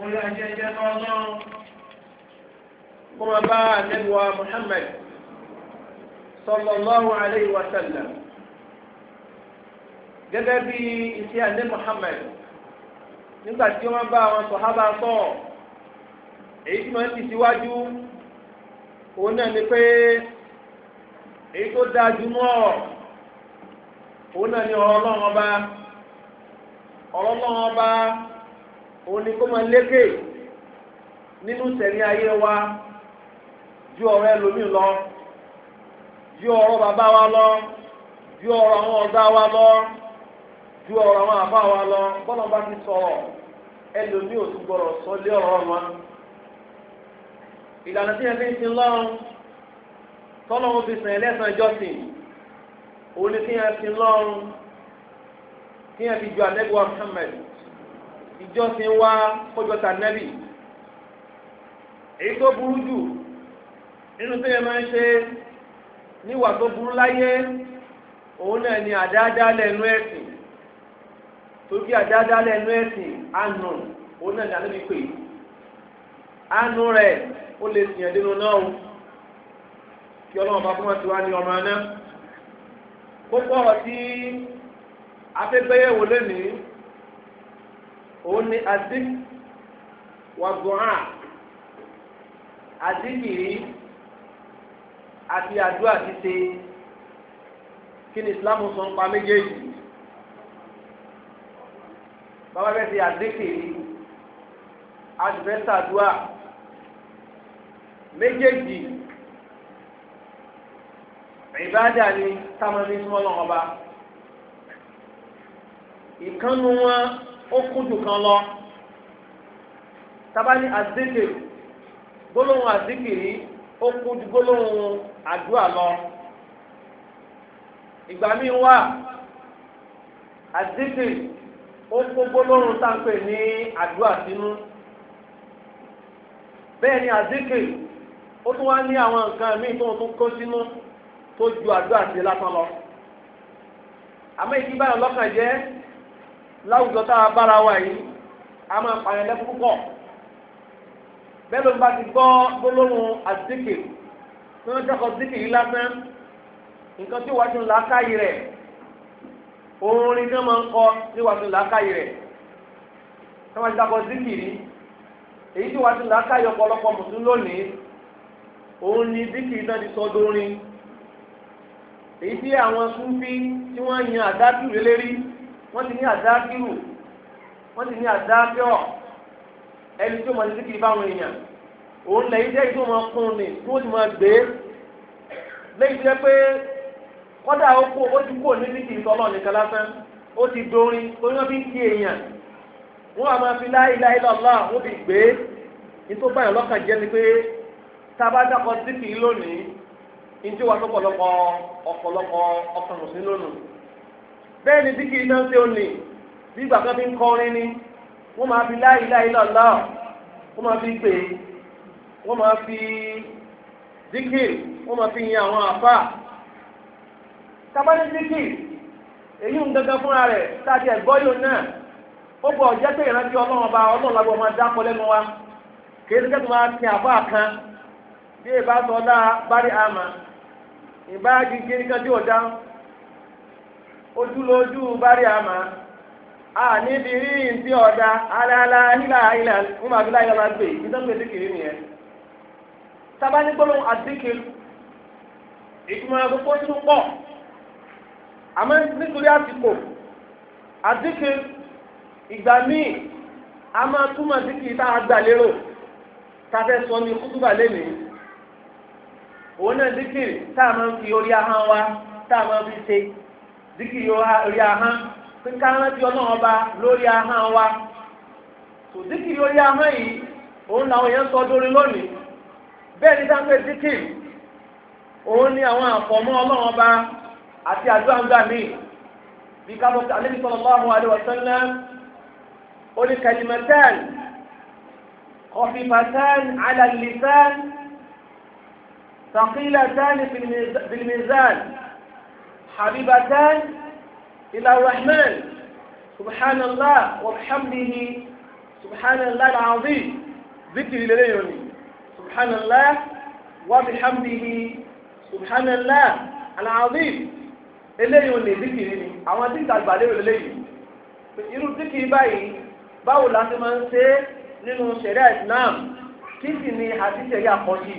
Olú ẹ̀jẹ̀ jẹ́ ọlọ́run. sallallahu alayhi wa Gẹ́gẹ́ bí iṣẹ́ àlẹ́ Mùhàmmad nígbà wọ́n bá àwọn sọ̀hábà sọ̀ èyí tí wọ́n ti síwájú òun náà ni pé èyí tó dáa jù mọ́ ni ọlọ́run ọba. ọlọ́lọ́wọ́ bá òun kó lékè nínú sẹ̀mí ayé wa ju ọ̀rọ̀ ẹlòmíì lọ ju ọ̀rọ̀ bàbá wa lọ ju ọ̀rọ̀ àwọn ọ̀gá wa lọ ju ọ̀rọ̀ àwọn àbá lọ bọ́lá bá ti sọ̀rọ̀ ẹlòmíì ò tún gbọ́dọ̀ sọ lé ọ̀rọ̀ ìlànà tí fi sàn ẹlẹ́sàn kí yẹn fi ju anẹ́bí wa Muhammad ìjọsìn wa kọjọ ta nẹ́bí èyí tó burú jù nínú tó yẹ máa ń ṣe níwà tó burú láyé òun náà ni àdáadáa lẹ́nu ẹ̀sìn torí àdáadáa lẹ́nu ẹ̀sìn àánú òun náà ni àná mi pè é àánú rẹ̀ ó lè sìn ẹ̀dínú náà o kí ọlọ́run bá fún wa ti wá ní ọmọ náà kókó ọ̀rọ̀ tí afẹ́gbẹ́yẹ̀wò lónìí òun ni adik wàgùnà adikiri àti àdúrà títí kí ni Islam sọ ń pa méjèèjì bàbá bẹ́ẹ̀ ti adikiri adùbẹ́sàdúà méjèèjì ìbáàdà ni táwọn ní súnmọ́ lọ́wọ́ bá ìkánu wọn ó kújù kan lọ tabali azikiri gbólóhùn azikiri ó kújù gbólóhùn àdúrà lọ ìgbà míì wà azikiri ó kó gbólóhùn táǹpẹ̀ ní àdúrà sínú bẹ́ẹ̀ ni azikiri ó tún wá ní àwọn nǹkan míì tó tún kó sínú tó ju àdúrà sí lásán lọ àmọ́ ìdí báyọ̀ lọ́kàn jẹ́ láwùjọ tá a bára wa yìí a máa pààyàn lẹ́kún púpọ̀ bẹ́ẹ̀ ló ń bá ti gbọ́ gbólóhùn àzíkì tí wọ́n jẹ́kọ̀ zíkì yìí lásán nǹkan tí wàá tún làákàyè rẹ̀ orin náà máa ń kọ tí wàá tún làákàyè rẹ̀ tí wọ́n jẹ́kọ̀ zíkì yìí èyí tí wàá tún làákàyè ọ̀pọ̀lọpọ̀ mùsùlùmí lónìí òun ni zíkì náà ti sọ dórin èyí tí àwọn súnfí tí wọ́n yan àdádúró wọ́n ti ní àdákírù wọ́n ti ní àdákírọ̀ ẹni tí ó mọ̀ títí kiri báwọn èèyàn òun lẹ́yìn jẹ́ ìtò máa kún ni tí ó ti máa gbé lẹ́yìn tó yẹ pé kọ́dà ó kó ó ti kó ní títí ìtọ́lọ́ nìkan lásán ó ti dorin torí wọ́n fi ń kí èèyàn wọ́n á máa fi la ilaha illallah wọ́n fi gbé nítorí báyọ̀ lọ́kàn jẹ́ ni pé tá a bá dákọ̀ títí lónìí ní tí wàá tó pọ̀lọpọ̀ ọ̀pọ̀lọpọ̀ ọkàn bẹ́ẹ̀ ni zikiri náà ṣe ò ní bí ma fi ń kọrin ni wọ́n máa fi la ilaha illallah wọ́n máa fi gbé wọ́n máa fi zikiri wọ́n máa fi yin àwọn àfà tábàdé zikiri èyí ń gangan fúnra rẹ̀ sáàtì ẹ̀gbọ́yò náà ó gbọ́ ọ̀jẹ́ ọlọ́run ọba ọlọ́run lágbo wa kì í ṣe máa ti àbá kan bí ìbá sọ dáa bá rí àmà ìbá gígé nìkan tí ò ojúlójú bárí àmà a níbi rí ìdí ọ̀dà aláàlá nílà ilẹ̀ ọmọ àbílá ilẹ̀ máa gbé ìdánwò síkìrì nìyẹn sábà ní gbólóhùn àdíkìrì ìtumọ̀ ẹ̀kọ́ kó tún pọ̀ àmọ́ nítorí àsìkò àdíkìrì ìgbà míì a máa túmọ̀ síkìrì tá a gbà lérò tá a fẹ́ sọ ní kútùbà lénìí òun náà síkìrì tá a máa ń fi orí ahọ́n wa tá a máa ń fi ṣe zikiri orí ahọ́n pínká rántí ọlọ́run ọba lórí ahọ́n wa tó zikiri orí ahọ́n yìí òun làwọn èèyàn sọ dórí lónìí bẹ́ẹ̀ ni sáńpẹ́ zikiri òun ni àwọn àfọ̀mọ́ ọlọ́run ọba àti àdúrà ń gbà míì bí ká bọ́ alẹ́ nípa ọlọ́run àdéhùn sẹ́lẹ̀ ó ní kẹlìmẹ́tẹ́ẹ̀lì kọfìmẹ́tẹ́ẹ̀lì alàlìsẹ́ẹ̀lì sàkílẹ̀tẹ́ẹ̀lì bìlìmìzẹ́ẹ̀lì. حبيبتان إلى الرحمن سبحان الله وبحمده سبحان الله العظيم ذكر لليون سبحان الله وبحمده سبحان الله العظيم eléyìí ò lè díkìrì ni àwọn díkìrì àgbàlérò eléyìí irú díkìrì báyìí báwo la ti máa ń ṣe é nínú ṣẹ̀ríà Islam kí sì ni àti ṣẹ̀ríà àkọ́jì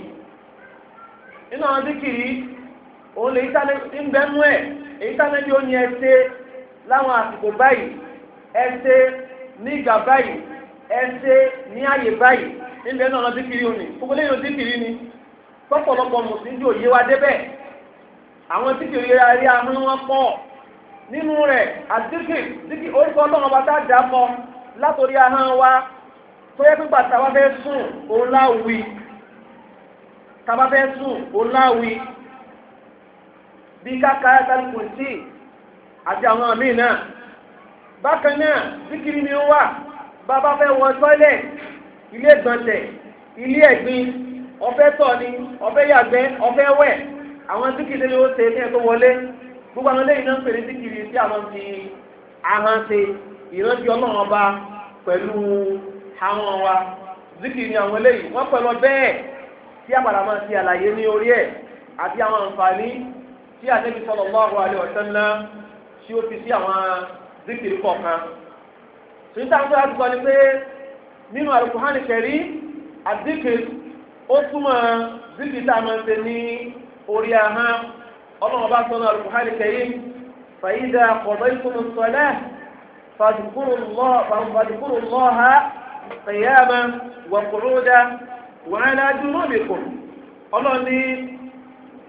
nínú àwọn díkìrì òun lè ìtàlẹ́ ń bẹ́ mú ẹ̀ ìtàlẹ́ bí ó ní ẹsẹ̀ láwọn àsìkò báyìí ẹsẹ̀ ní ìgbà báyìí ẹsẹ̀ ní àyè báyìí níbẹ̀ náà lọ sí òní gbogbo lẹ́yìn òsì ni tọ́pọ̀lọpọ̀ mùsùlùmí òye wa débẹ̀ àwọn tí kiri rí amú wọn pọ̀ nínú rẹ̀ àdìkì dìkì orúkọ ọlọ́run ọba tá a dà bí káka kálukú sí àti àwọn àmì náà bákan náà síkiri ni ó wà bàbá fẹ́ wọ tọ́lẹ̀ ilé gbọ̀ntẹ̀ ilé ẹ̀gbin ọ̀fẹ́ tọ̀ ni ọ̀fẹ́ yàgbẹ́ ọ̀fẹ́ wẹ̀ àwọn síkiri ni ó ṣe ní ẹ̀kọ́ wọlé gbogbo àwọn lẹ́yìn náà ń pèrè síkiri sí àwọn ti ahọ́n ṣe ìrántí ọlọ́run ọba pẹ̀lú àwọn wa zikiri ni àwọn eléyìí wọ́n pẹ̀lú bẹ́ẹ̀ tí àpàdà máa ti àlàyé ní orí ẹ̀ àti àwọn àǹfààní tí ànábì sallallahu alaihi wasallam tí ó fi sí àwọn zikiri kọ̀ọ̀kan tòyítà ń sọ́ra dùkọ́ ni pé nínú Al-Qur'ani kẹrí àdìkiri ó túmọ̀ zikiri tá a máa ń ṣe ní orí ahọ́n ọlọ́run bá sọ́nà Al-Qur'ani kẹrí fàyídà qadaytum as-salah fadhkuru Allaha qiyaman wa qu'udan wa ala junubikum ọlọ́run ní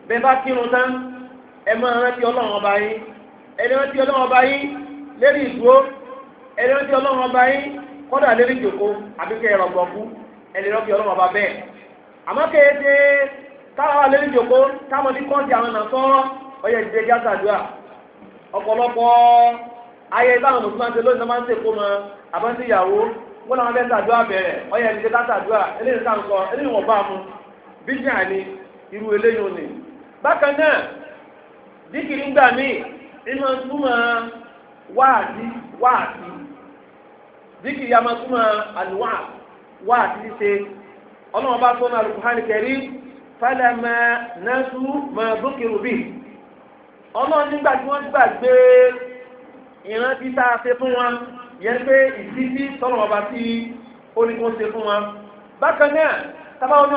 bẹ́ẹ̀ bá kírun tán. ẹ máa rántí ọlọ́run ọba yín ẹni rántí ọlọ́run ọba yín lérí ìdúró ẹni rántí ọlọ́run ọba yín kọ́dà lérí ìjòkó àbí kẹ́ ẹ̀rọ ẹni rántí ọlọ́run ọba bẹ́ẹ̀ àmọ́ kéde táwọn wà lérí ìjòkó táwọn ní kọ́ńtì àwọn náà sọ́rọ́ ọyẹ ọ̀pọ̀lọpọ̀ ayé báwọn náà bẹ̀rẹ̀ ọyẹ eléyìí eléyìí bá mu irú eléyìí ò ní. bákan náà díkìrì gbà mi nínú túmọ̀ wáàdí wáàdí díkìrì a máa túmọ̀ àlùwà wáàdí ṣe ọlọ́wọ́n bá tó náà Al-Qur'an Karim fálẹ́mà nẹ́sù máa dókèrò nígbà tí fún wa yẹn pé ìdíjí ọba ti ó ní fún wa bákan náà tábà wọn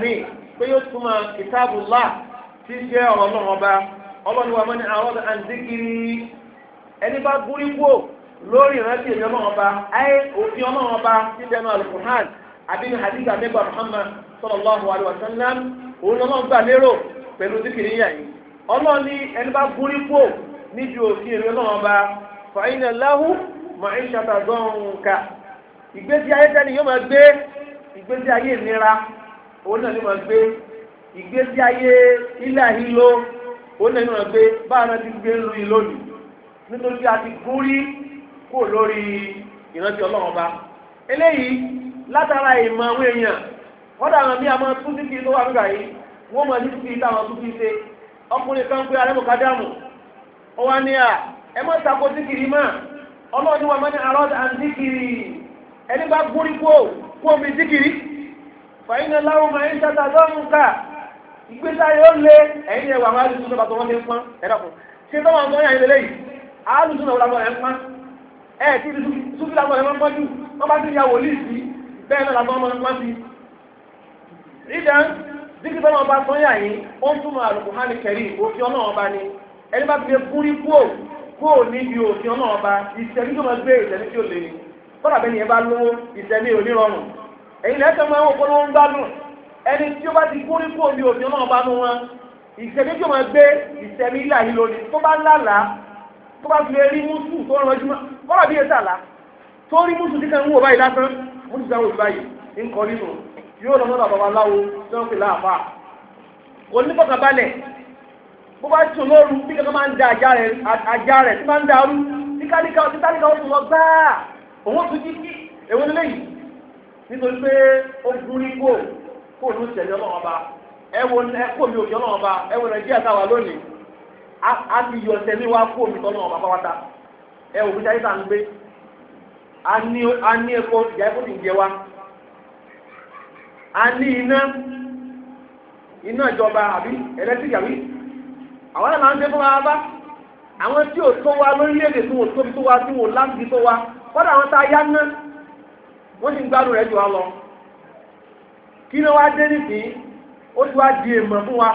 ní pé yóò túmọ̀ kitabullah tí jẹ́ ọ̀rọ̀ náà ọba ọlọ́run wa mọ́ ní àwọn ọ̀dọ̀ àǹdíkiri ẹni bá gúrí wò lórí ìrántí èmi ọlọ́run ọba ayé òfin ọlọ́run ọba tí dẹnu alukuhan abinu hadith amegba muhammad sallallahu alayhi wa sallam òun lọ́nà gbà lérò pẹ̀lú díkiri yà yìí ọlọ́run ní ẹni bá gúrí wò níbi òfin èmi ọlọ́run ọba fàyínà láhù màáyíṣàtà dọ́nkà ìgbésí ayé tẹ́ni yóò máa gbé ìgbésí ayé ìnira òun náà ni wọ́n gbé ìgbésí ayé ilẹ̀ ìlò òun náà ni ti gbé lu ìlò nì a ti gún rí kó lórí ìrántí ọlọ́run eléyìí látara ìmọ̀ àwọn èèyàn kọ́dà àwọn bí a máa tún títí lówó àgbà yìí wọ́n máa ní títí táwọn tún ṣe ọkùnrin kan pé à ẹ tako mọ́ ẹni bá gún rí fàyínà láwọn máa ń ṣàtà lọ́rùn ká ìgbésà yóò lé ẹ̀yìn ẹ̀wà àwọn alùsùn náà bàtọ́ wọn lé ń pọ́n ẹ̀dàkùn ṣé tọ́wọ́ àwọn ọ̀yàn ilé lẹ́yìn alùsùn náà làwọn ẹ̀ pọ́n ẹ̀ tí sùfì bá ọmọ ó bá èyí lẹ́tọ̀ máa ń wọ́n polówó ń gbádùn ẹni tí ó bá ti kú ní kú omi òfin náà bá nú wọn ìṣẹ̀mí tí ó máa gbé ìṣẹ̀mí ilà yìí lónìí tó bá lálàá tó bá fi lè rí mùsù tó rànjú kọ́lá bí èsà là tó rí mùsù tí kan ń wò báyìí lásán mú ti sáwọn òṣìbáyìí ń kọ nínú yóò lọ mọ́tò àbàbà láwo tí wọ́n fi láàfà kò ní kọ̀kan balẹ̀ bó bá tún lóru bí kankan máa ń da ajá rẹ̀ tí máa ń darú títáníkà ó tún lọ gbáà òun ó tún jí èwo nílé yìí nítorí pé ó gún ní kó kó ọba ẹwọ mi ọba ẹwọ nàìjíríà táwa a ti yọ wa kó mi ọba pátá ń gbé a ní ìjà wa a ní iná iná ìjọba àbí àbí àwọn máa ń fún wa bá àwọn tí wa lórílẹ̀-èdè tí wọ́n tóbi tó wa tí wọ́n tó wa kọ́dà àwọn tá a yá wọ́n sì ń gbádùn rẹ̀ jù wá lọ kí ló wá dé nìsí ó ti wá di èèmọ̀ fún wa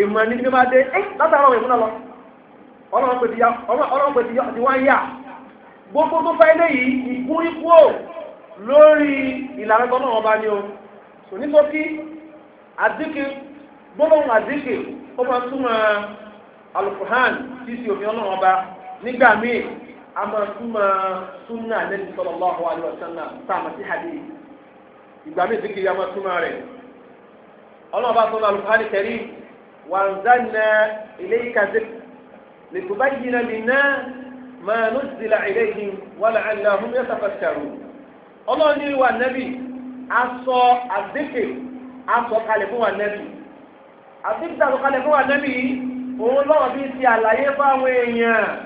èèmọ̀ ní kí ló dé ẹ́ látàrọ̀ èèmọ̀ lọ ọlọ́run pè ti ti wá gbogbo tó fẹ́ yìí ìkú ikú ò lórí ìlànà tọ́nà ọba ni o kò ní sókí àdíkì gbólóhùn àdíkì ó máa túmọ̀ alukuhan tí sí òfin ọlọ́run ọba nígbà míì ama túmọ̀ súnà lẹ́nu sallallahu alaihi wasallam táàmù sí hadith ìgbà mi zikiri ama túmọ̀ rẹ̀ ọlọ́ọ̀bá tó lọ alùpàdé kẹrí wàǹzánná ilayka zikr litubayyina linnas ma nuzila ilayhim wa la'allahum yatafakkarun ọlọ́ọ̀ni wà nẹ́bí asọ àdékè asọ kalẹ̀ fún wa nẹ́bí àdékè asọ kalẹ̀ fún wa nẹ́bí òun lọ́wọ́ bí ti àlàyé fáwọn èèyàn.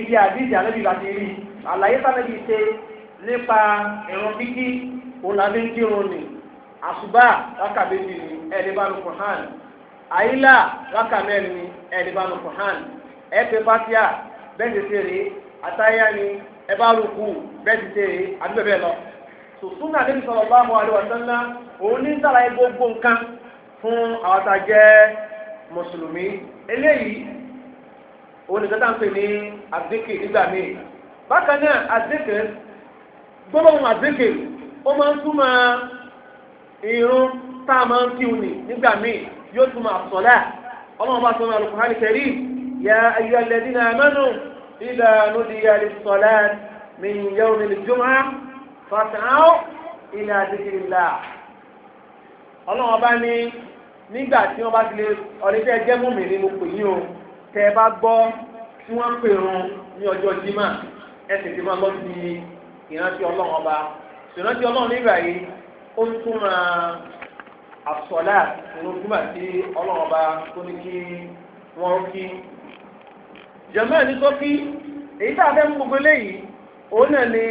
ibi àdìsí àlẹ́bí láti rí àlàyé sálẹ́bí ṣe nípa ìrun kíkí òlàbí ń kírun ni àṣùbà rákà méjì ni ẹni bá nu kùhán àyílà rákà mẹ́rin ni ẹni bá nu kùhán ẹ pé pátíà bẹ́ẹ̀ ti ṣe rèé àtàyà ni ẹ bá bẹ́ẹ̀ ti ṣe rèé àdúgbò bẹ́ẹ̀ lọ. sùsúnà níbi sọ̀rọ̀ bá àwọn àdúgbò sẹ́ńdá òun ní sàlàyé gbogbo nǹkan fún àwọn tá mùsùlùmí eléyìí òun nìkan tá à ń pè ní àdékè nígbà míì bákan náà àdékè gbólóhùn àdékè ó máa ń túmọ̀ irun tá a máa ń kí òní nígbà míì yóò túmọ̀ àsọ̀lá ọlọ́run bá sọ̀rọ̀ Al-Qur'an Al-Karim ya ayyuhal ladhina amanu idha nudiya lis-salati min yawmil jum'ah fas'aw ila dhikrillah ọlọ́run bá ní nígbà tí wọ́n bá ti lè ọ̀rẹ́fẹ́ jẹ́ mọ́mìnrin mo pè yín o tẹ ẹ bá gbọ́ tí wọ́n ń pè wọn ní ọjọ́ jimá ẹ sì ti máa lọ sí ìrántí ọlọ́run ọba ìrántí ọlọ́run nígbà yìí ó ń tún ra àsọlá ìrun jimá tí ọlọ́run ọba tó ní kí wọ́n kí. jẹ̀mọ́ ẹni tó kí èyí tá a fẹ́ mú gbogbo léyìí òun náà ni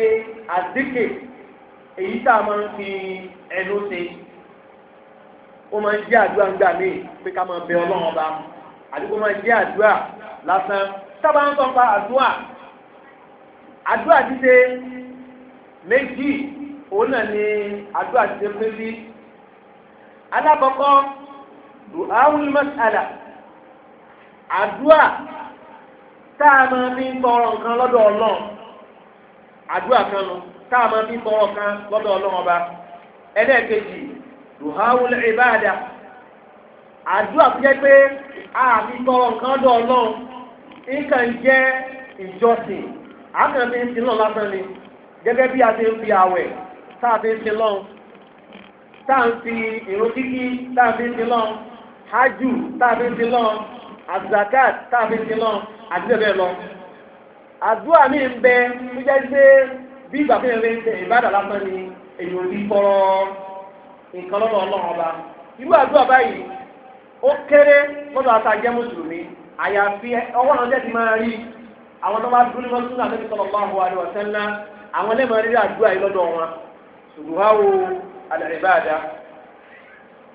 àdíkè èyí tá a máa ń fi ẹnu ṣe ó máa ń jẹ́ àdúrà ńgbà míì pé ká máa bẹ ọlọ́run ọba àdúgbò máa jẹ́ àdúrà lásán sábà ń sọ pa àdúrà àdúrà títẹ méjì òun náà ni àdúrà títẹ méjì alákọ̀ọ́kọ́ duhawul mas'ala àdúrà tá a máa fi ń tọrọ nǹkan lọ́dọ̀ ọlọ́run àdúrà kan nu tá a máa fi ń tọrọ kan lọ́dọ̀ ọlọ́run ọba ẹlẹ́ẹ̀kejì duhawul ibada àdúrà tó jẹ́ pé àti tọrọ nǹkan dọ̀ ọlọ́run nǹkan jẹ́ ìjọsìn àkànfẹ́ ń sin lọ́n lásán ni gẹ́gẹ́ bí a ti ń fi àwẹ̀ tá a fi ń sin lọ́n tá a ń fi ìrun kíkí tá a fi ń sin lọ́n hajù tá a fi ń sin lọ́n azakat tá a fi ń sin lọ́n àti bẹ́ẹ̀ bẹ́ẹ̀ lọ. àdúrà mi ń bẹ tó jẹ́ pé bí ìgbà fún ẹ̀rẹ́ ìbádà lásán ni èyí ò rí tọrọ nǹkan lọ́dọ̀ ó kéré lọ́dọ̀ àti ajẹ́ mùsùlùmí àyàfi ọwọ́ ọ̀jẹ́ ti máa rí àwọn tó bá dúró ní mọ́tún náà lẹ́bi sọ̀rọ̀ báwo àríwá sẹ́ńlá àwọn ẹlẹ́mọ̀ rí àdúrà yìí lọ́dọ̀ wọn ṣùgbọ́n àlẹ́ ìbáàdá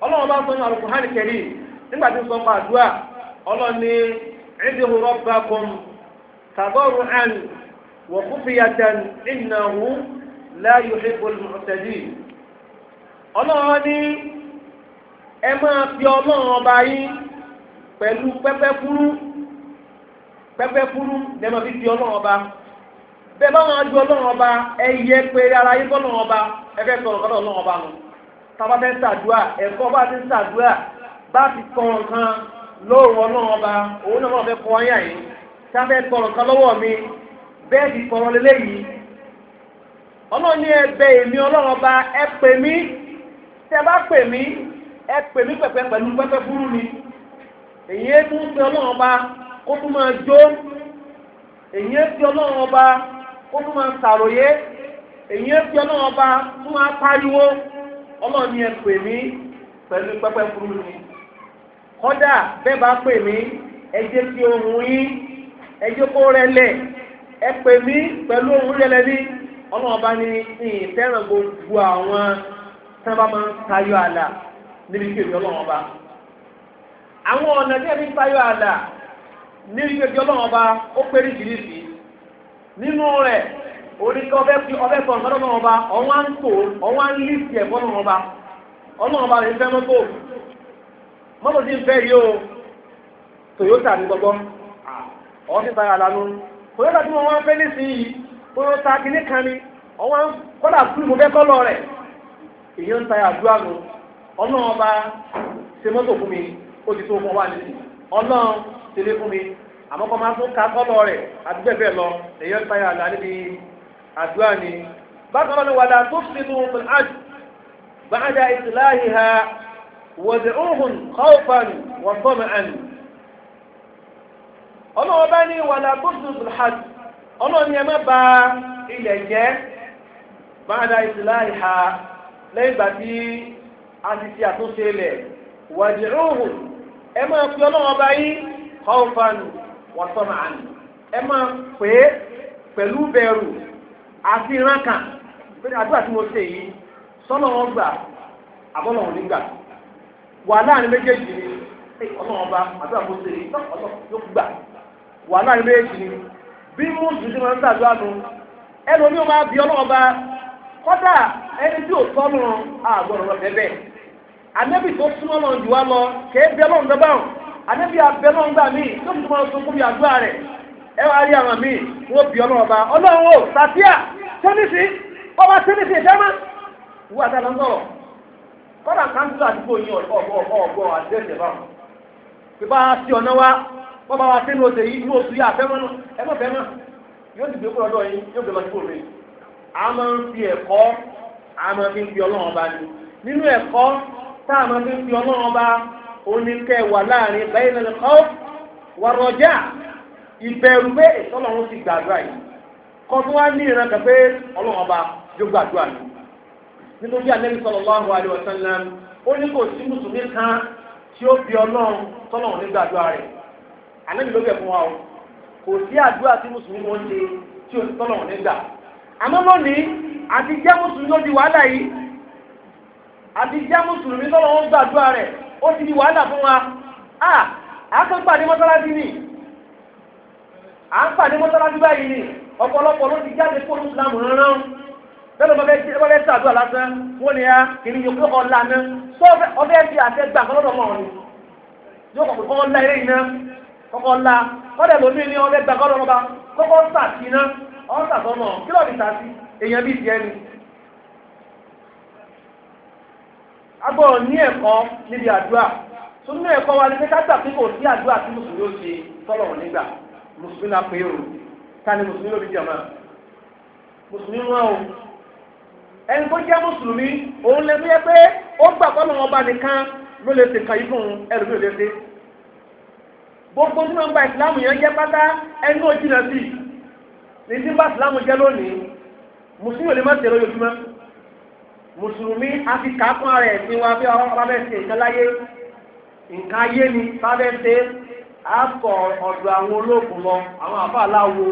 ọlọ́run bá sọ ní Al-Qur'an Karim nígbà tí ó sọ pa àdúrà ọlọ́run ní idihu rabbakum tadarru'an wa khufyatan innahu la yuhibbul mu'tadin ọlọ́run ní ẹ máa fi ọlọ́run ọba yín pẹ̀lú pẹ́pẹ́ fúrú pẹ́pẹ́ fúrú lẹ́ máa fi fi ọlọ́run ọba bẹ́ẹ̀ bá máa ju ọlọ́run ọba ẹ yẹ pé ara yín fọ́lọ́run ọba ẹ fẹ́ sọ̀rọ̀ kọ́lọ́ ọlọ́run ọba nù tábà fẹ́ sàdúà ẹ̀kọ́ bá ti sàdúà bá ti kọ́ nǹkan lóòrùn ọlọ́run ọba òun náà máa fẹ́ kọ́ ọ́yà yìí sáfẹ́ kọ́ nǹkan lọ́wọ́ mi bẹ́ẹ̀ ti kọ́ lélẹ́yìí ọlọ́run ní ẹ bẹ èmi ọlọ́run ọba ẹ pè mí tẹ bá pè mí ẹ pè mí pẹ̀pẹ́ pẹ̀lú pẹ́pẹ́ fúrú ni èyí é tún fi ọlọ́run ọba kó tún máa jó èyí é fi ọlọ́run ọba kó tún máa sàròyé èyí é fi ọlọ́run ọba tún máa pariwo ọlọ́run ni ẹ pè mí pẹ̀lú pẹ́pẹ́ fúrú ni kọ́dà bẹ́ẹ̀ bá pè mí ẹ jẹ́ kí ohùn yín ẹ jẹ́ kó rẹlẹ̀ ẹ pè mí pẹ̀lú ohùn rẹlẹ̀ ní ọlọ́run ọba ní ìfẹ́ràn gbogbo àwọn tí máa ń tayọ àlà. níbi kí èmi ọlọ́wọ́n bá àwọn ọ̀nà tí ẹni yọ níbi kí èmi bá ó pé ríṣiríṣi nínú rẹ̀ oríkẹ́ ọbẹ̀ fi ọbẹ̀ fọ ọ̀nà bá ọ̀wá ń tò ọ̀wá ń lì sí ẹ̀fọ́ ọlọ́wọ́n bá ọlọ́wọ́n bá rẹ̀ mọ́tò Toyota ní ọ̀hún ti Toyota Toyota kìnnìkan ni fún rẹ̀ èyí ń ọlọ́run bá ṣe mọ́tò fún mi ó ti tó fún wa nìyí ọlọ́run ṣe lé fún mi àmọ́ kọ́ máa tún ka kọ́lọ̀ rẹ̀ àdúgbẹ́fẹ́ lọ èyí ń tayà àlá níbi àdúrà ni bákan náà ni wàdà tó fi nù fún àjù báadà ìtìláhì ha wọ̀dẹ̀ọ́hùn kọ́ọ̀fàn wọ̀fọ́mù àná ọlọ́run bá ní wàdà tó fi nù àjù ọlọ́run ni ẹ má ba ilẹ̀ jẹ́ báadà ìtìláhì ha lẹ́yìn àti àtúnṣe ilẹ̀ ẹ máa fi ọlọ́wọ́ bá yín kọ́ńfàn wọ́sọ̀nà àná ẹ máa pè é pẹ̀lú bẹ̀rù àti ìrankà pẹ̀lú àdúrà tí mo ṣe yìí sọ́nà wọn gbà àbọ̀nà òní gbà wà láàrin méjèèjì ni ọlọ́wọ́ àdúrà mo ṣe yìí yóò gbà wà láàrin méjèèjì ni bí kọ́dà ẹni tí ò tọ́nu àgbọ̀rọ̀ lọ bẹ́ẹ̀ bẹ́ẹ̀ anẹ́bí tó súnmọ́ lọ jù wá lọ kéé bẹ́ẹ̀ lọ́n abẹ́ lọ́n gbà mí tó fi máa sunkún àdúrà rẹ̀ ẹ wá rí àwọn wọ́n bí ọlọ́run ọba ọlọ́run tẹ́nìsì ọba tẹ́nìsì kọ́dà àdúgbò yín àdéhùn sí ọ̀nà wa wọ́n bá wa a máa ń fi ẹ̀kọ́ a máa fi ń fi ọlọ́run bá ní nínú ẹ̀kọ́ tá a máa fi ń fi ọlọ́run bá oníkẹ́ wà láàrin bẹ́ẹ̀ lẹ́nu kọ́ wàrọ̀jà ìbẹ̀rù pé ìtọ́lọ́run ti gbàdúrà yìí kọ́ tó wá ní ìran kan pé ọlọ́run ọba yóò gbàdúrà yìí nítorí Ànábì sallallahu alaihi wasallam ó ní kò sí mùsùlùmí kan tí ó bí ọlọ́run tọ́lọ́run ní gbàdúrà rẹ̀ Ànábì ló bẹ̀ fún wa o kò sí àdúrà tí mùsùlùmí wọn ṣe tí ó tọ́lọ́run ní gbà àmọ́ lónìí àti jẹ́ mùsùlùmí ló di wàhálà yìí àti jẹ́ mùsùlùmí lọ́wọ́ wọn gbàdúrà rẹ̀ ó ti di wàhálà fún wa à á kàn pàdé mọ́sálásí ni à ń pàdé mọ́sálásí báyìí ni ọ̀pọ̀lọpọ̀ ló ti jáde kó lùsùlámù rán lọ́dọ̀ bá fẹ́ sàdúrà lásán wọ́n ni a kì í yọ pé ọ̀la ná tó ọbẹ̀ fi àṣẹ gbà kan lọ́dọ̀ mọ́ ọ̀run yóò kọ̀ pé kọ́kọ́ ọ́sà sọ́nà kí lọ́ọ̀dì ta sí èèyàn bíi tiẹ̀ ni ní ẹ̀kọ́ níbi àdúrà tó ní ẹ̀kọ́ wa ní pé kájà kò sí àdúrà tí mùsùlùmí ó ṣe tọ́lọ̀ nígbà mùsùlùmí na pé o ta ni mùsùlùmí lóbi mùsùlùmí o ẹni tó jẹ́ mùsùlùmí òun lè pé ó gbà nìkan ló lè ṣèkà yìí fún ẹlòmíì lè gbogbo ní tí bá ìsìlámù jẹ́ lónìí mùsùlùmí ò lè má tẹ̀lé ojoojúmọ́ mùsùlùmí a ti kà fún ara ẹ̀sìn wa bí ọba bá ṣe nǹkan láyé nǹkan ayé ni bá fẹ́ ṣe á kọ ọ̀dọ̀ àwọn olóògùn lọ àwọn àfa aláwo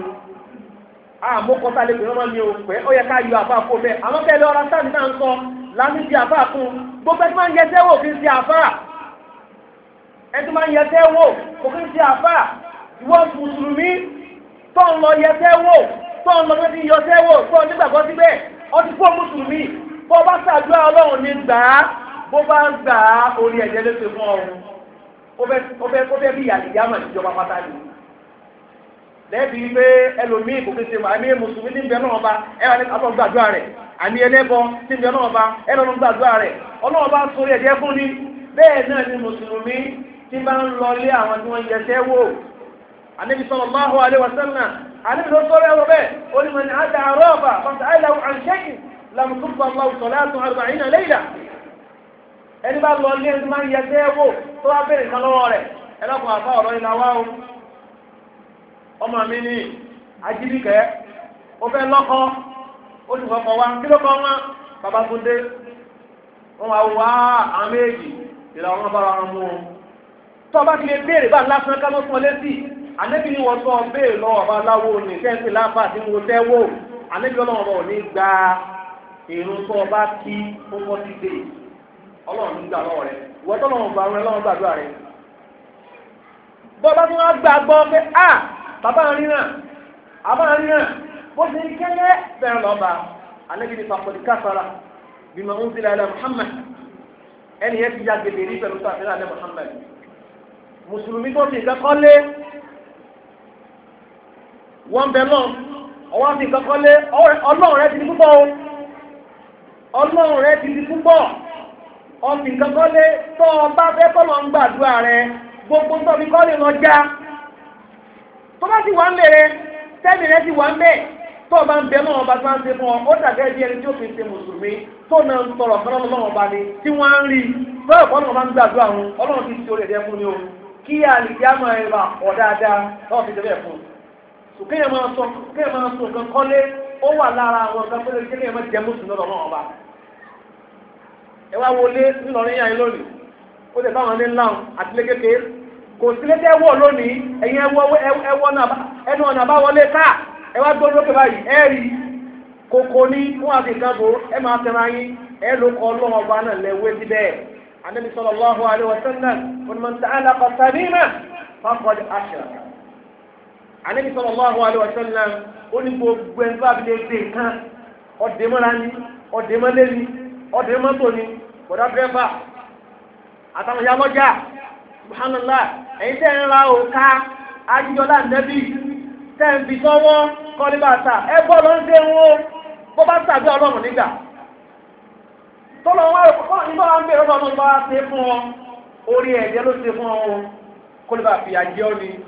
àmókọ́tà lè pèrè ọmọ mi ò pẹ́ ó yẹ ká yọ àfa kó bẹ́ẹ̀ àwọn bẹ́ẹ̀ lọ́ra sáà nígbà ń sọ láti di àfa fún gbogbo ẹni máa ń yẹ sẹ́wọ̀ kí n ṣe àfa ẹni máa ń yẹ sẹ́wọ̀ kò kí ṣe àfa ìwọ mùsùlùmí tó ń lọ yẹsẹ́ wò tó ń lọ tó ti yọsẹ́ wò tó ń nígbàgbọ́ síbẹ̀ ọtí fún mùsùlùmí bó bá ṣàdúrà ọlọ́run ní gbà á bó bá ń gbà á orí ẹ̀jẹ̀ ló ṣe fún ọrùn ó fẹ́ bí ìyá mọ̀ ìjọba pátá ni lẹ́bi pé ẹlòmíì kò kése wà ní mùsùlùmí ní ìbẹ̀rù ọba ẹ̀rọ ní ọlọ́run gbàdúrà rẹ̀ àní ẹlẹ́bọ ní ìbẹ̀rù ọba ẹ̀rọ ní gbàdúrà rẹ̀ ọlọ́run bá sórí ẹ̀jẹ̀ fún ni bẹ́ẹ̀ náà ni mùsùlùmí ti máa ń lọ lé àwọn tí wọ́n yẹsẹ́ wò anabi sallallahu alaihi wasallam anabi ló sọ̀rọ̀ ẹwọ bẹ́ẹ̀ ó ní mọni ada arọba fasa aila an ṣẹyìn lamutuba allahu salatu arba'ina leila ẹni bá lọ ilé ẹni máa ń yẹ sẹ́wọ́ tó wá bèrè kan lọ́wọ́ rẹ̀ ẹ lọ́kùn àfa ọ̀rọ̀ ìlà wa o ọmọ mi ní ajínigbẹ́ ó fẹ́ lọ́kọ́ ó sì kọ́kọ́ wá kí ló kọ́ wọn babakunde wọn wá wá àwọn méjì ìlà wọn bára wọn mú un tó ti lè béèrè bá lásán ká ló fún ọ létí ànábì ni wọ́n tó ń béè lọ́wọ́ ọba aláwo ní sẹ́ńtì láfà tí mo tẹ́ wò ànábì ọlọ́run ọba ò ní gba èrún tó ọba kí ó kọ́ sí dé ọlọ́run ní gbà lọ́wọ́ rẹ wọ́n tó lọ́wọ́ bá rẹ lọ́wọ́ gbàdúrà rẹ. bọ́ọ̀bá tó wá gbà gbọ́ pé a bàbá rí náà bàbá rí náà bó ṣe ń kẹ́lẹ́ bẹ́ẹ̀ lọ́ba ànábì ni pàpọ̀dì káfara bima unzila ala Muhammad ẹni yẹn ti ya gèdè rí Muhammad mùsùlùmí tó ti ìkẹ́kọ́ wọ́n bẹ náà ọwọ́ fi kankan lé ọlọ́run rẹ ti di púpọ̀ o ọlọ́run ti di púpọ̀ ọ̀fìn lé tọ́ gbogbo kọ́ lè lọ já tó bá ọba tó ń ọ ó dàgẹ́ bí ẹni tí ó na ń tọrọ ọba ni tí wọ́n ń rí fẹ́ẹ̀ kọ́ lọ́wọ́ ń gbàdúrà wọn ọlọ́run ti ṣe orí ẹ̀dẹ́ fún ni o kí dáadáa kéèyàn máa sọ kéèyàn máa sọ nǹkan kọ́lé ó wà lára àwọn nǹkan tó lè jẹ́ kéèyàn máa jẹ mùsùlùmí lọ́dọ̀ náà ọba. ẹ wá wọlé ńlọrin yàn yín lónìí ó lè báwọn ní ńlá àtìlé kékeré kò sí létí ẹwọ́ lónìí ẹ̀yin ẹwọ́ ẹwọ́ ẹnu ọ̀nà àbáwọlé káà ẹ wá gbọ́dọ̀ lókè báyìí ẹ rí kókó ní fún àfikàbò ẹ máa tẹ̀ra yín ẹ ló kọ́ ọlọ́run ọba náà lẹ́wọ́ sí bẹ́ẹ̀ Ànábì sallallahu alaihi wasallam man ta'alaqa tamima faqad ashraka anabi sallallahu alaihi wasallam ó ní gbogbo ẹni bá fi lè dé nǹkan ọdẹ mọ́ra ni ọdẹ mọ́lé ni ọdẹ mọ́tò ni bọ̀dá dírẹ́fà àtàwọn ìyá lọ́jà subhanallah ẹ̀yin tẹ́ ń ra òka ayíjọlá nẹ́bí tẹ́ ń fi sọ́wọ́ kọ́lébà ta ẹ bọ́ ló ń dé wọn bó bá tàbí ọlọ́run nígbà tọ́lọ́ wọn rẹ̀ kọ́ iná wa ń bèrè ọlọ́run bá ṣe fún ọ orí ẹ̀jẹ̀ ló ṣe fún ọ kọ́lébà fìyà ọ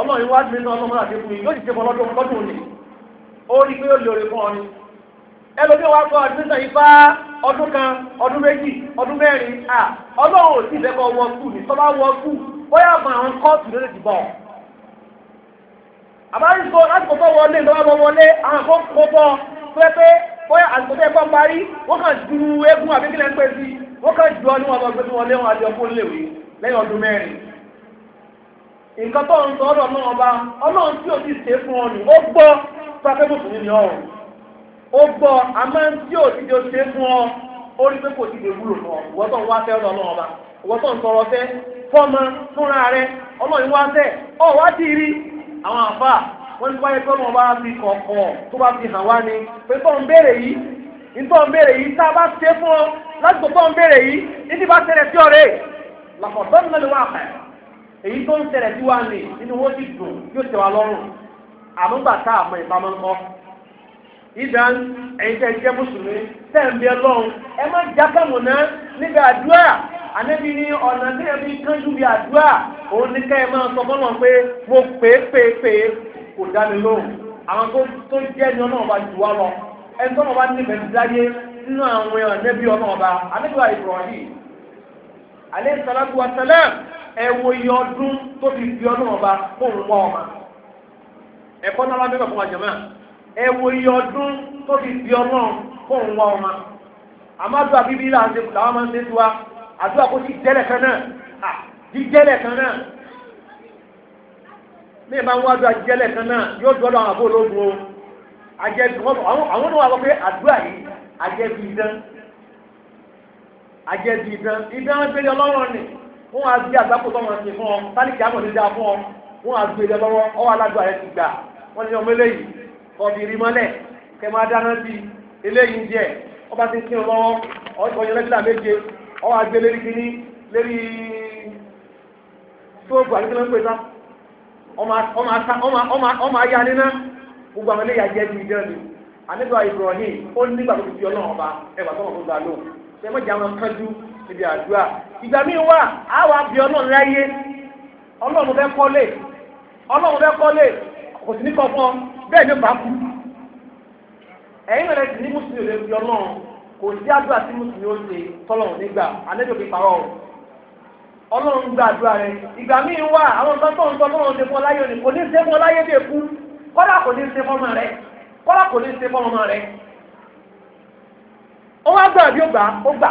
ọlọ́run wá gbé náà lọ́mọ́ra dé fún yìí yóò ti ṣe fún ọlọ́dún lọ́dún òní ó rí pé ó lóore fún ọ ẹlòmí wa kọ àdúgbò ìfá ọdún kan ọdún méjì ọdún mẹ́rin à ọlọ́run ò sì lẹ́kọ̀ọ́ wọ kù ní tọ́lá wọ kù bóyá ti bọ̀ àbárí sọ láti kọ́kọ́ wọlé lọ́wọ́ lọ wọlé àwọn kan kó bọ́ pé pé bóyá àtúntò ẹ̀kọ́ parí wọ́n kàn ju eégún àbíkílẹ̀ ń pè sí wọ́n kàn ju ọdún wọn lọ gbé wọlé wọn àti ọkùnrin lèwe ọdún mẹ́rin nǹkan tó ń sọ ọ́dọ̀ náà bá ọlọ́run tí ò ti ṣe fún ọ nì ó gbọ́ pápẹ́ mùsùlùmí ni ọ̀rùn ó gbọ́ àmọ́ tí ò ti jọ ṣe fún ọ ó rí pé kò ti lè wúlò fún ọ ìwọ́n tó ń wá fẹ́ ọ̀dọ̀ náà bá ìwọ́n tó ń sọ̀rọ̀ fẹ́ fọ́mọ fúnra rẹ ọlọ́run wá fẹ́ ọ wá ti rí àwọn àfà wọ́n ti wáyé pé bá fi kọ̀ọ̀kan tó bá fi hàn wá ni pé tó ń béèrè yìí ìtọ́ ń béèrè yìí tá a bá ṣe fún ọ láti gbogbo ń béèrè yìí ìdí bá ṣẹlẹ̀ sí ọ̀rẹ́ làkọ̀tọ́ nínú ni wọ́n àpẹẹrẹ èyí tó ń ṣẹlẹ̀ sí wa ní nínú wọn ti dùn yóò tẹ̀ wá lọ́rùn àmúgbà tá àmọ́ ìpamọ́ ńkọ́ ìdán ẹ̀yin tẹ́ jẹ́ mùsùlùmí tẹ́ ń bẹ lọ́run ẹ má jákàmù náà níbi àdúrà ànábi ní ọ̀nà tí ẹbí kánjú bí àdúrà òun ní ká ẹ máa sọ fọ́nà pé mo pè é pè é pè é kò dá mi lóhùn àwọn tó jẹ́ ní ọ̀nà ọba jù wá lọ ẹni tó ọba níbẹ̀ ti dáyé nínú àwọn ẹ̀nẹ́bí ọ̀nà ọba ànábi wa Ibrahim alayhi salatu wa salam ewu iye ọdún tó fi fi ọdún ọba fóun wọ́ ọmọ ẹkọ náà wá bẹ́ẹ̀ fún wa jẹ̀mọ́ iye ọdún tó fi fi ọlọ́run fóun wọ́ ọmọ ma àbíbí là ń ṣe làwọn máa ń ṣe tiwa àdúrà kó sì jẹ́lẹ̀ kan náà jíjẹ́lẹ̀ kan náà ní ma ń wá àdúrà jíjẹ́lẹ̀ kan náà yóò dọ́dọ̀ àwọn àbó ológun o àwọn pé wọ́n a gbé àgbákò tó wọ́n fún ọ tálíkì àmọ̀ ní dáa fún ọ wọ́n a gbé ilẹ̀ lọ́wọ́ ọwọ́ aládùn àyẹ̀ ti gbà wọ́n ni ọmọ eléyìí kọ̀ọ̀bì rí mọ́lẹ̀ kẹ máa dáná sí eléyìí jẹ ọba ti ọ lọ́wọ́ ọyàn méje ọwọ́ lérí kíní lérí tóògù sá ọmọ ayé aníná gbogbo àwọn ti ni àníbà Ibrahim ó nígbà tó ti fi ọlọ́run ọba níbi àdúrà ìgbà míì wà á wà bí ọlọ́run láyé ọlọ́run fẹ́ kọ́lé ọlọ́run fẹ́ kọ́lé kò sí ní kọ́kọ́ bẹ́ẹ̀ ní bàkú ẹ̀yin rẹ̀ sì ní mùsùlùmí rẹ̀ bí ọlọ́run kò sí àdúrà tí mùsùlùmí ó ṣe tọ́lọ́run nígbà àlejò fi parọ́ ọlọ́run gba àdúrà rẹ̀ ìgbà míì wà àwọn nǹkan tó ń sọ ọlọ́run ṣe fún ọláyé òní kò ní ṣe fún ọláyé dé kú kọ́dà kò ní ṣe fọ́mọ rẹ̀ kọ́dà kò ní ṣe fọ́mọ rẹ̀ ó wá gbà bí ó gbà ó gbà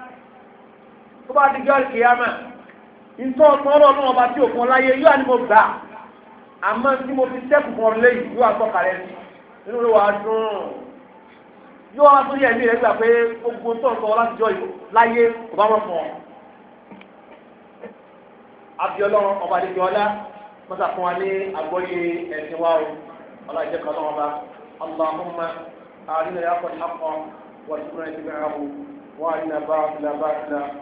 tó bá dijọ́ ìkìyàmà ìtọ́ ọ̀tọ́rọ̀ náà ọba tí òkun láyé yóò ní mo gbà àmọ́ tí mo fi sẹ́kù fún ọ lẹ́yìn yóò àtọ́ka rẹ sí inú ló wàá dùn yóò wá tó yẹ ẹ̀mí rẹ gbà pé gbogbo tó ń láti jọ láyé kò bá wọn fọ abiọlọ ọba àdéjọ ọlá mọta fún wa ní àgbọ́yé ẹ̀sìn wa o ọlá kan náà wà ní kúrẹ́ẹ̀tì bẹ̀rẹ̀ ààbò wà ní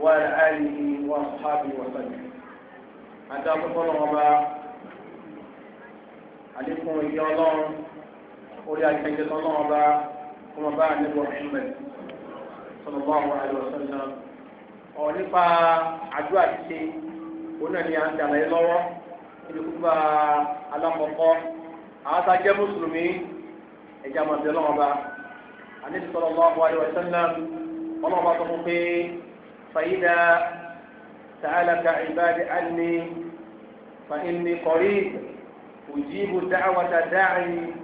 وعلى آله وأصحابه وسلم àti akókòrò ọba àlékún ìdí ọlọ́run orí akẹ́kẹ́ tọ́lọ́run ọba kó máa bá àníbọ̀ ẹ̀mẹ́ sọ̀rọ̀ bá àwọn àlọ́ sọ̀rọ̀ ọ̀ nípa àdúrà ṣíṣe òun náà ni à ń dàlàyé lọ́wọ́ níbi kúkúbà alákọ̀ọ́kọ́ àwọn tá a jẹ́ mùsùlùmí ẹ̀jẹ̀ àmọ̀tẹ́ ọlọ́run ọba àníbi sọ̀rọ̀ bá àwọn àlọ́ sọ̀rọ̀ ọlọ́run ọba tó fún pé فإذا سألك عبادي عني فإني قريب أجيب دعوة داعي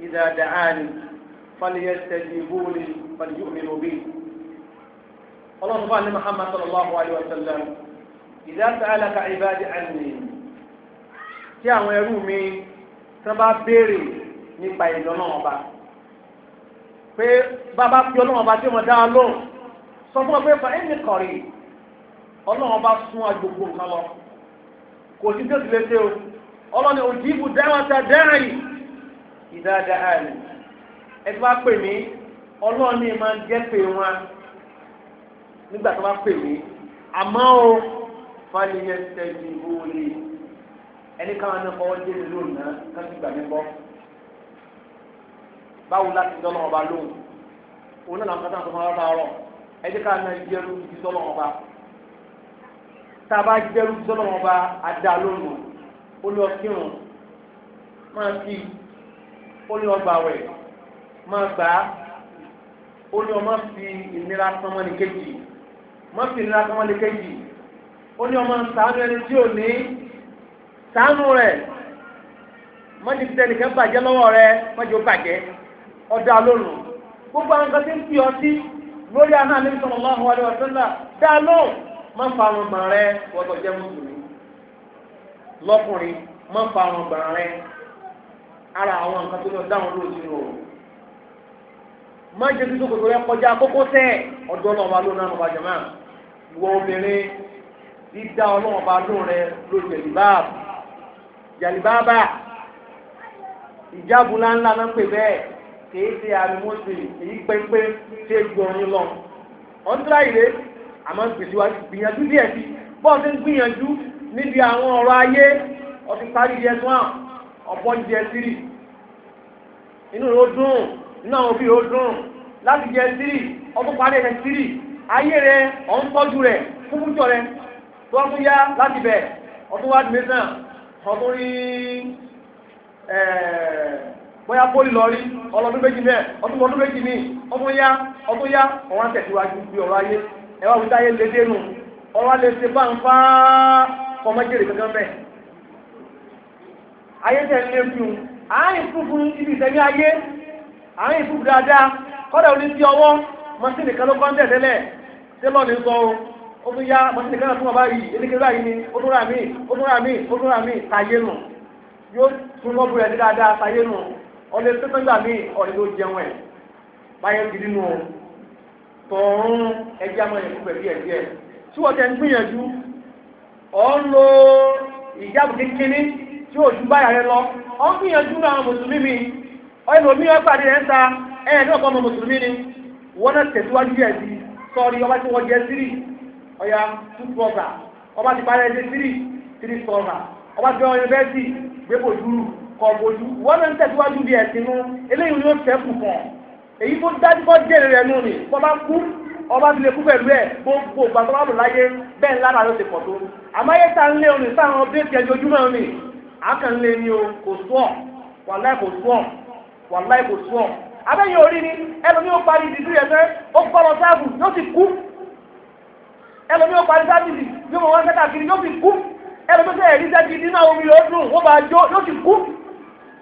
إذا دعاني فليستجيبوا لي فليؤمنوا بي الله سبحانه محمد صلى الله عليه وسلم إذا سألك عبادي عني tí àwọn ẹrú mi tán bá béèrè nípa ìlọ́nà ọba pé bàbá fi ọlọ́run ọba tí wọ́n dá lóhùn sọ fún ọgbẹ́ kọrị ẹni kọ̀rí ọlọ́run sún nǹkan lọ kò sí tó ti lè ṣe o òjì ibù dáwọ́ta ìdáadáa pè mí máa ń jẹ́ wọn nígbà tó bá pè mí àmọ́ o fàlìyẹ tẹ̀lé ìwòlè ẹni káwọn náà fọwọ́ dé mi lónìí ọba lóhùn òun náà làwọn tó máa bá ẹ na ká náà jẹ́rú ibi sọ́lọ́ wọn bá tá a bá jẹ́rú ibi sọ́lọ́ wọn bá a dá lónìí ó lọ kírun máa kí ó lọ gbàwẹ̀ máa gbà á ó ní ọmọ fi ìnira sanwó ní kejì má fi ìnira sanwó ní kejì ó ní ọmọ sàánú ẹni tí ò ní sàánú rẹ̀ mọ́ni ti tẹnìkan bàjẹ́ lọ́wọ́ rẹ̀ mọ́jọ́ bàjẹ́ ọ̀dà lónìí gbogbo àwọn kan ti ń fi ọtí lórí àná àlẹ́ ìsọ̀rọ̀ lọ́hùn wa lẹ́wọ̀ sọ́lá dá lóhùn má fa àwọn ọgbà rẹ wọ́tọ̀ jẹ́ mùsùlùmí lọ́kùnrin má fa àwọn ọgbà rẹ ara àwọn nǹkan tó lọ dáhùn lóòjì nù má jẹ́ kí sókòtò rẹ kọjá kókó tẹ́ ọ̀dọ́ náà wà náà wà jẹ̀má ìwọ obìnrin dídá ọlọ́wọ́n bá rẹ lóòjì jàlíbáàbà ìjábùlá ńlá náà pè bẹ́ẹ̀ kìí ṣe alimọ́sìn èyí pẹ́ńpẹ́ ṣe gbọ̀nrín lọ. ọ̀ndúrà ìrè àmọ́ gbìyànjú díẹ̀ sí bọ́ọ̀ ti ń gbìyànjú níbi àwọn ọ̀rọ̀ ayé ọtí parí yẹ tún àwọn ọ̀pọ̀ jẹ sírì inú ló dùn inú àwọn òbí ló dùn láti jẹ sírì ọdún parí yẹ sírì ayé rẹ ọ̀n tọ́jú rẹ fúnfúnjọ rẹ tó wá tún yá láti bẹ̀ ọdún wá dùn mẹ́sàn ọdún rí bóyá pólì lọ rí ọlọ́dún méjì náà ọdún ọdún méjì ní ọdún yá ọdún yá ọwọ́n àtẹ̀síwájú bí ọ̀rọ̀ ayé ẹwà wíta ayé lè dénú ọ̀rọ̀ lè ṣe bá ń fá kọmọjèrè kankan bẹ́ẹ̀. ayé tẹ̀ lé fi hùn àárín fúnfún ibi ìsẹ́mi ayé àárín fúnfún dáadáa kọ́dà òní sí ọwọ́ mọ́sílì kan ló kọ́ ń tẹ̀ tẹ́lẹ̀ tẹ́lọ̀ ní sọ ó ni ó tún rà mí ó tún rà mí ó tún rà mí tayé nù ọlẹ́ tó tẹ́gbà mí ọ̀rẹ́ ló jẹun ẹ̀ báyẹ̀ gidi nù tọ̀ọ̀rún ẹjẹ́ àmọ́ pẹ̀lú ẹ̀jẹ̀ tí wọ́n tẹ́ ń gbìyànjú ń lo ìjáàbù kékeré tí ó ju báyà rẹ lọ ọ̀ ń gbìyànjú àwọn mùsùlùmí mi ọ̀yẹ́ lómi ọ̀pàdé rẹ̀ ń ta ẹ̀yẹ̀ ní ọ̀pọ̀ ọmọ mùsùlùmí ni wọ́n náà tẹ̀síwájú sí ọba tí wọ́n jẹ́ sírì two brother ọba ti parẹ́ ẹ̀jẹ̀ sírì three brother ọba ti wọ́n yunifásitì gbé kò dúró kọ̀ bójú wọ́n náà ń tẹ̀síwájú bí ẹ̀sìn nú eléyìí ni ó tẹ́kù kan èyí tó dájú kọ́ jèrè rẹ̀ nù ni kọ́ bá kú ọba ti lè kú pẹ̀lú ẹ̀ gbogbo gbàgbọ́ lò láyé bẹ́ẹ̀ lára ló ti pọ̀ tó àmáyé ta ń lé òní sáwọn bíréèkì ẹjọ́ ojúmọ́ òní àkànlé ni o kò sùọ́ wàláì kò sùọ́ wàláì kò sùọ́ abẹ́yìn orí ni ẹlòmí ó parí ìdìdú yẹn fẹ́ ó kọ́lọ sáàbù yóò ti kú ẹlòmí ó parí sáàbù yóò mọ̀ wọ́n kẹ́kà kiri yóò ti kú ẹlòmí ó sẹ́yìn rí sẹ́yìn nínú àwọn omi rẹ̀ ó dùn ó bá jó yóò ti kú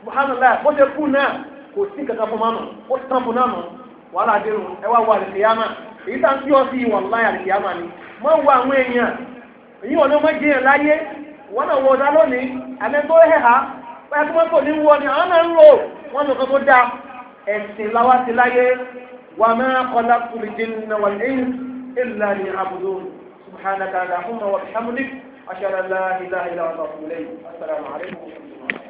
subhanallah bó ṣe kú náà kò sí kankan fún mọ́nà ó tán fún náà nù wàhálà dérò ẹ wá wọ àlìkìyàmà èyí tá ń tí ọ sí wàláyé àlìkìyàmà ni mọ́ wọ àwọn èèyàn èyí wọn ni wọ́n jẹ́ yẹn láyé wọn náà wọ ọ̀dà lónìí àmì tó hẹ̀ ha báyà tó mọ́tò ní wọ ni àwọn náà ń lò wọ́n ní nǹkan tó dáa ẹ̀sìn làwa ti láyé wà máa kọ́lá kùrìdín náà wà ní ìlà ní wa bihamdik ashhadu an la ilaha illa wa atubu